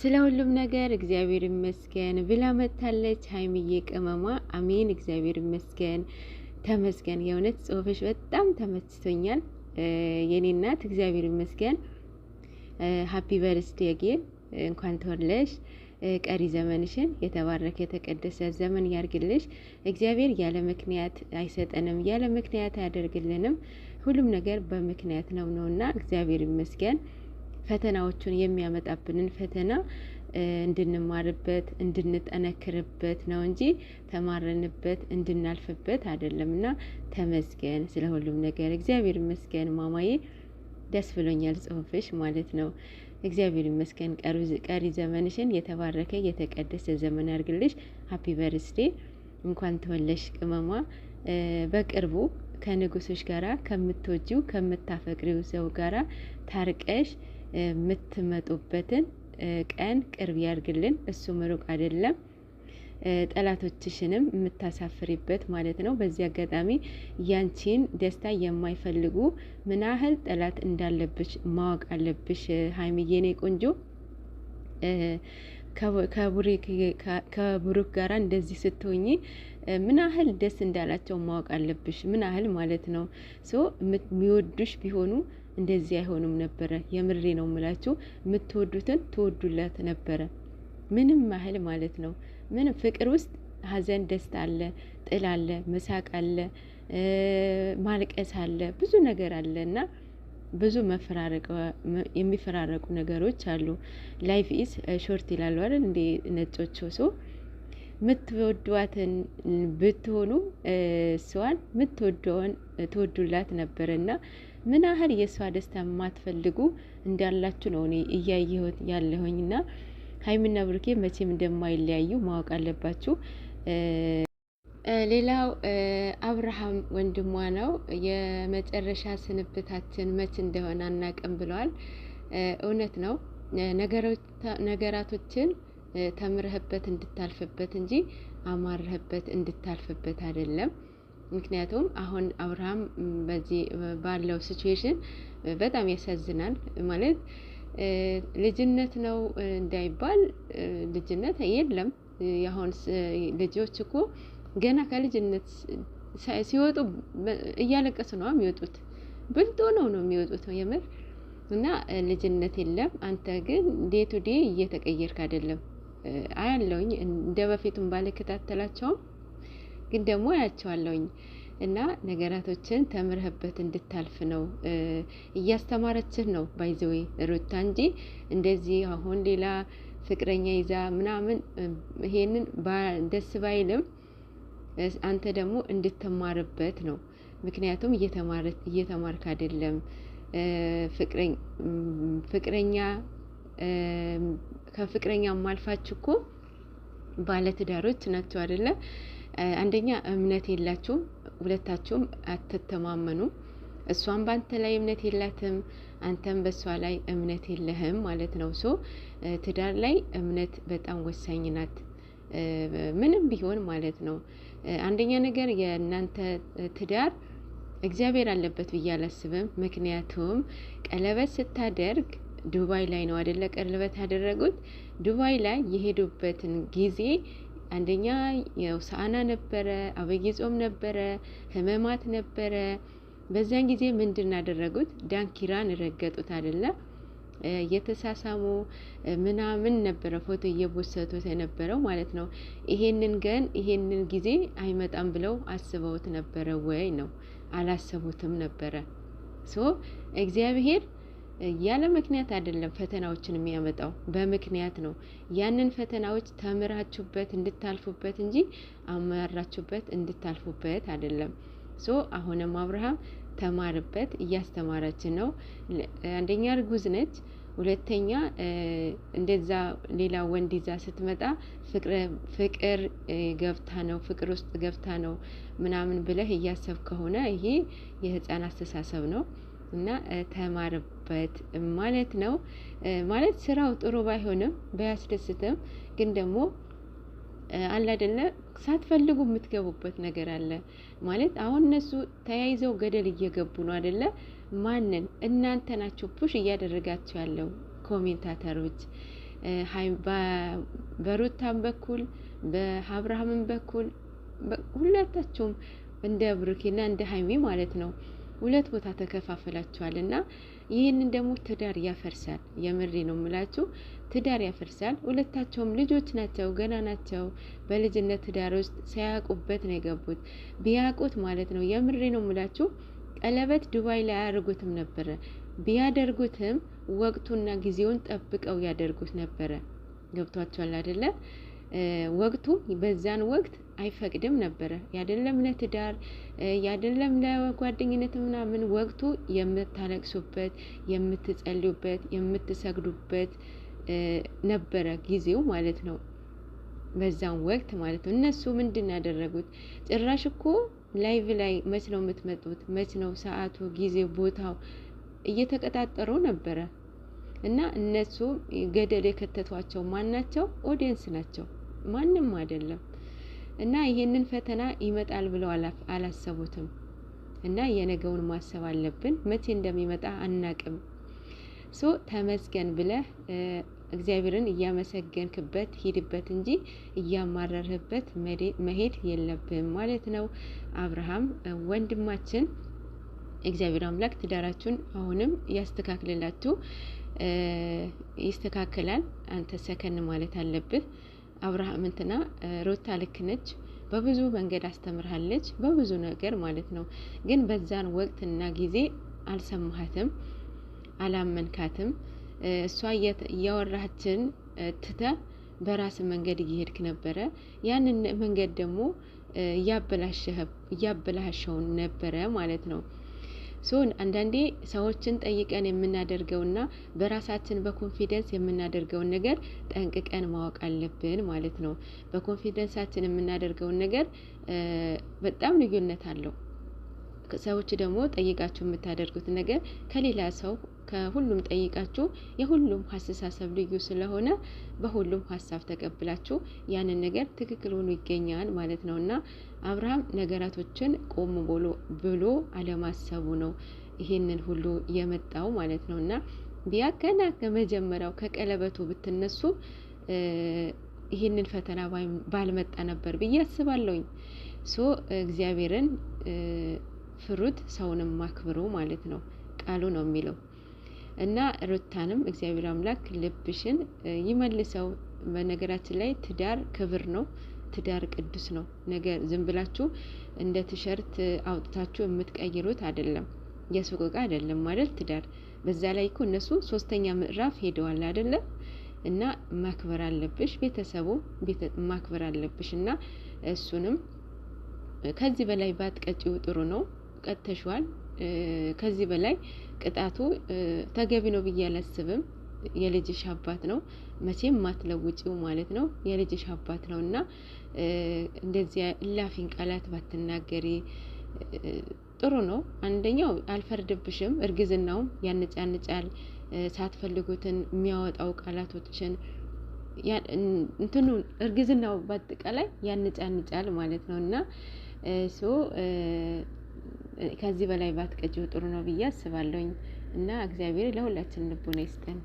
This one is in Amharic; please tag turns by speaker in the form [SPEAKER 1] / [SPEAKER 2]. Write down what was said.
[SPEAKER 1] ስለ ሁሉም ነገር እግዚአብሔር ይመስገን ብላ መታለች። ሀይሚዬ ቅመሟ አሜን፣ እግዚአብሔር ይመስገን ተመስገን። የእውነት ጽሁፍሽ በጣም ተመችቶኛል የኔ እናት፣ እግዚአብሔር ይመስገን። ሀፒ በርስቴ ጌን እንኳን ተወለሽ። ቀሪ ዘመንሽን የተባረከ የተቀደሰ ዘመን ያርግልሽ። እግዚአብሔር ያለ ምክንያት አይሰጠንም፣ ያለ ምክንያት አያደርግልንም። ሁሉም ነገር በምክንያት ነው ነውና እግዚአብሔር ይመስገን። ፈተናዎቹን የሚያመጣብንን ፈተና እንድንማርበት እንድንጠነክርበት ነው እንጂ ተማረንበት እንድናልፍበት አይደለም። እና ተመስገን ስለ ሁሉም ነገር እግዚአብሔር ይመስገን። ማማዬ ደስ ብሎኛል ጽሁፍሽ ማለት ነው። እግዚአብሔር ይመስገን። ቀሪ ዘመንሽን የተባረከ የተቀደሰ ዘመን አድርግልሽ። ሀፒ በርስዴ። እንኳን ተወለሽ ቅመማ። በቅርቡ ከንጉሶች ጋራ ከምትወጂው ከምታፈቅሪው ሰው ጋራ ታርቀሽ የምትመጡበትን ቀን ቅርብ ያርግልን። እሱም ሩቅ አይደለም። ጠላቶችሽንም የምታሳፍሪበት ማለት ነው። በዚህ አጋጣሚ ያንቺን ደስታ የማይፈልጉ ምን ያህል ጠላት እንዳለብሽ ማወቅ አለብሽ። ሀይሚዬ ኔ ቆንጆ ከብሩክ ጋራ እንደዚህ ስትሆኝ ምን ያህል ደስ እንዳላቸው ማወቅ አለብሽ። ምን ያህል ማለት ነው ሶ የሚወዱሽ ቢሆኑ እንደዚህ አይሆንም ነበረ። የምሬ ነው ምላችሁ፣ የምትወዱትን ትወዱለት ነበረ። ምንም ያህል ማለት ነው። ምንም ፍቅር ውስጥ ሀዘን ደስታ አለ፣ ጥል አለ፣ መሳቅ አለ፣ ማልቀስ አለ፣ ብዙ ነገር አለ እና ብዙ የሚፈራረቁ ነገሮች አሉ። ላይፍ ኢስ ሾርት ይላሉ አይደል እንዴ ነጮቹ ሰው ምትወዷትን ብትሆኑ እሷን ምትወደውን ትወዱላት ነበርና ምን ያህል የእሷ ደስታ የማትፈልጉ እንዳላችሁ ነው እኔ እያየሁት ያለሁኝና ሀይሚና ብሩኬ መቼም እንደማይለያዩ ማወቅ አለባችሁ። ሌላው አብርሃም ወንድሟ ነው። የመጨረሻ ስንብታችን መች እንደሆነ አናቅም ብለዋል። እውነት ነው ነገራቶችን ተምረህበት እንድታልፍበት እንጂ አማረህበት እንድታልፍበት አይደለም። ምክንያቱም አሁን አብርሃም በዚህ ባለው ሲትዌሽን በጣም ያሳዝናል። ማለት ልጅነት ነው እንዳይባል ልጅነት የለም። የአሁን ልጆች እኮ ገና ከልጅነት ሲወጡ እያለቀሱ ነው የሚወጡት። ብልጦ ነው ነው የሚወጡት የምር እና ልጅነት የለም። አንተ ግን ዴቱ ዴ እየተቀየርክ አይደለም። አያለውኝ። እንደ በፊቱም ባልከታተላቸውም ግን ደግሞ አያቸዋለውኝ እና ነገራቶችን ተምርህበት እንድታልፍ ነው እያስተማረችህ ነው ባይዘዌ ሩታ እንጂ እንደዚህ አሁን ሌላ ፍቅረኛ ይዛ ምናምን ይሄንን ደስ ባይልም አንተ ደግሞ እንድትማርበት ነው። ምክንያቱም እየተማርክ አይደለም ፍቅረኛ ከፍቅረኛ ማልፋችሁ እኮ ባለትዳሮች ናቸው አይደለ? አንደኛ እምነት የላችሁም፣ ሁለታችሁም አትተማመኑም። እሷም በአንተ ላይ እምነት የላትም፣ አንተም በእሷ ላይ እምነት የለህም ማለት ነው። ሶ ትዳር ላይ እምነት በጣም ወሳኝ ናት፣ ምንም ቢሆን ማለት ነው። አንደኛ ነገር የእናንተ ትዳር እግዚአብሔር አለበት ብዬ አላስብም። ምክንያቱም ቀለበት ስታደርግ ዱባይ ላይ ነው አደለ ቀለበት ያደረጉት። ዱባይ ላይ የሄዱበትን ጊዜ አንደኛ ያው ሰአና ነበረ፣ አብይ ጾም ነበረ፣ ህመማት ነበረ። በዚያን ጊዜ ምንድን ያደረጉት ዳንኪራን ረገጡት አደለ የተሳሳሙ ምናምን ነበረ ፎቶ እየቦሰቱት የነበረው ማለት ነው። ይሄንን ገን ይሄንን ጊዜ አይመጣም ብለው አስበውት ነበረ ወይ ነው? አላሰቡትም ነበረ ሶ እግዚአብሔር ያለ ምክንያት አይደለም ፈተናዎችን የሚያመጣው፣ በምክንያት ነው። ያንን ፈተናዎች ተምራችሁበት እንድታልፉበት እንጂ አመራችሁበት እንድታልፉበት አይደለም። ሶ አሁንም አብርሃም ተማርበት፣ እያስተማረች ነው። አንደኛ እርጉዝ ነች፣ ሁለተኛ እንደዛ ሌላ ወንድ ይዛ ስትመጣ ፍቅር ገብታ ነው ፍቅር ውስጥ ገብታ ነው ምናምን ብለህ እያሰብ ከሆነ ይሄ የህፃን አስተሳሰብ ነው። እና ተማርበት ማለት ነው። ማለት ስራው ጥሩ ባይሆንም ባያስደስትም፣ ግን ደግሞ አለ አይደለ ሳትፈልጉ የምትገቡበት ነገር አለ ማለት። አሁን እነሱ ተያይዘው ገደል እየገቡ ነው አይደለ? ማንን እናንተ ናቸው ፑሽ እያደረጋቸው ያለው ኮሜንታተሮች በሩታም በኩል በአብርሃምም በኩል ሁለታቸውም እንደ ብሩኬና እንደ ሀይሚ ማለት ነው። ሁለት ቦታ ተከፋፈላችኋል እና ይህንን ደግሞ ትዳር ያፈርሳል። የምሬ ነው የምላችሁ፣ ትዳር ያፈርሳል። ሁለታቸውም ልጆች ናቸው፣ ገና ናቸው። በልጅነት ትዳር ውስጥ ሳያውቁበት ነው የገቡት። ቢያውቁት ማለት ነው፣ የምሬ ነው የምላችሁ፣ ቀለበት ዱባይ ላይ አያደርጉትም ነበረ። ቢያደርጉትም ወቅቱና ጊዜውን ጠብቀው ያደርጉት ነበረ። ገብቷቸዋል አይደለም? ወቅቱ በዛን ወቅት አይፈቅድም ነበረ። ያደለም ለትዳር ያደለም ለጓደኝነት ምናምን ወቅቱ የምታለቅሱበት፣ የምትጸልዩበት፣ የምትሰግዱበት ነበረ ጊዜው ማለት ነው። በዛም ወቅት ማለት ነው። እነሱ ምንድን ያደረጉት ጭራሽ እኮ ላይቭ ላይ መች ነው የምትመጡት? መች ነው ሰዓቱ፣ ጊዜው፣ ቦታው እየተቀጣጠሩ ነበረ። እና እነሱ ገደል የከተቷቸው ማን ናቸው? ኦዲየንስ ናቸው፣ ማንም አይደለም። እና ይሄንን ፈተና ይመጣል ብለው አላሰቡትም። እና የነገውን ማሰብ አለብን። መቼ እንደሚመጣ አናቅም። ሶ ተመስገን ብለህ እግዚአብሔርን እያመሰገንክበት ሂድበት እንጂ እያማረርህበት መሄድ የለብህም ማለት ነው። አብርሃም ወንድማችን እግዚአብሔር አምላክ ትዳራችሁን አሁንም ያስተካክልላችሁ። ይስተካከላል። አንተ ሰከን ማለት አለብህ። አብርሃም እንትና ሮታ ልክ ነች። በብዙ መንገድ አስተምርሃለች፣ በብዙ ነገር ማለት ነው። ግን በዛን ወቅትና ጊዜ አልሰማሃትም፣ አላመንካትም። እሷ እያወራችን ትተ በራስ መንገድ እየሄድክ ነበረ። ያንን መንገድ ደግሞ እያበላሸው ነበረ ማለት ነው። ሲሆን አንዳንዴ ሰዎችን ጠይቀን የምናደርገውና በራሳችን በኮንፊደንስ የምናደርገውን ነገር ጠንቅቀን ማወቅ አለብን ማለት ነው። በኮንፊደንሳችን የምናደርገውን ነገር በጣም ልዩነት አለው። ሰዎች ደግሞ ጠይቃችሁ የምታደርጉት ነገር ከሌላ ሰው ከሁሉም ጠይቃችሁ የሁሉም አስተሳሰብ ልዩ ስለሆነ በሁሉም ሀሳብ ተቀብላችሁ ያንን ነገር ትክክል ሆኖ ይገኛል ማለት ነው እና አብርሃም ነገራቶችን ቆም ብሎ አለማሰቡ ነው ይሄንን ሁሉ የመጣው ማለት ነው እና ቢያ ገና ከመጀመሪያው ከቀለበቱ ብትነሱ ይህንን ፈተና ባልመጣ ነበር ብዬ አስባለሁኝ። ሶ እግዚአብሔርን ፍሩት፣ ሰውንም አክብሩ ማለት ነው ቃሉ ነው የሚለው። እና ሩታንም እግዚአብሔር አምላክ ልብሽን ይመልሰው። በነገራችን ላይ ትዳር ክብር ነው። ትዳር ቅዱስ ነው። ነገር ዝም ብላችሁ እንደ ቲሸርት አውጥታችሁ የምትቀይሩት አይደለም። የሱቅ እቃ አይደለም ማለት ትዳር። በዛ ላይ እኮ እነሱ ሶስተኛ ምዕራፍ ሄደዋል አይደለም። እና ማክበር አለብሽ፣ ቤተሰቡ ማክበር አለብሽ። እና እሱንም ከዚህ በላይ ባትቀጪው ጥሩ ነው። ቀጥተሽዋል። ከዚህ በላይ ቅጣቱ ተገቢ ነው ብዬ አላስብም። የልጅሽ አባት ነው መቼም ማትለውጪው ማለት ነው። የልጅሽ አባት ነው እና እንደዚያ እላፊን ቃላት ባትናገሪ ጥሩ ነው። አንደኛው አልፈርድብሽም። እርግዝናውም ያንጫንጫል። ሳትፈልጉትን የሚያወጣው ቃላቶችን እንትኑ እርግዝናው በአጠቃላይ ያንጫንጫል ማለት ነው እና ሶ ከዚህ በላይ ባትቀጭው ጥሩ ነው ብዬ አስባለሁኝ እና እግዚአብሔር ለሁላችን ልቦና ይስጠን።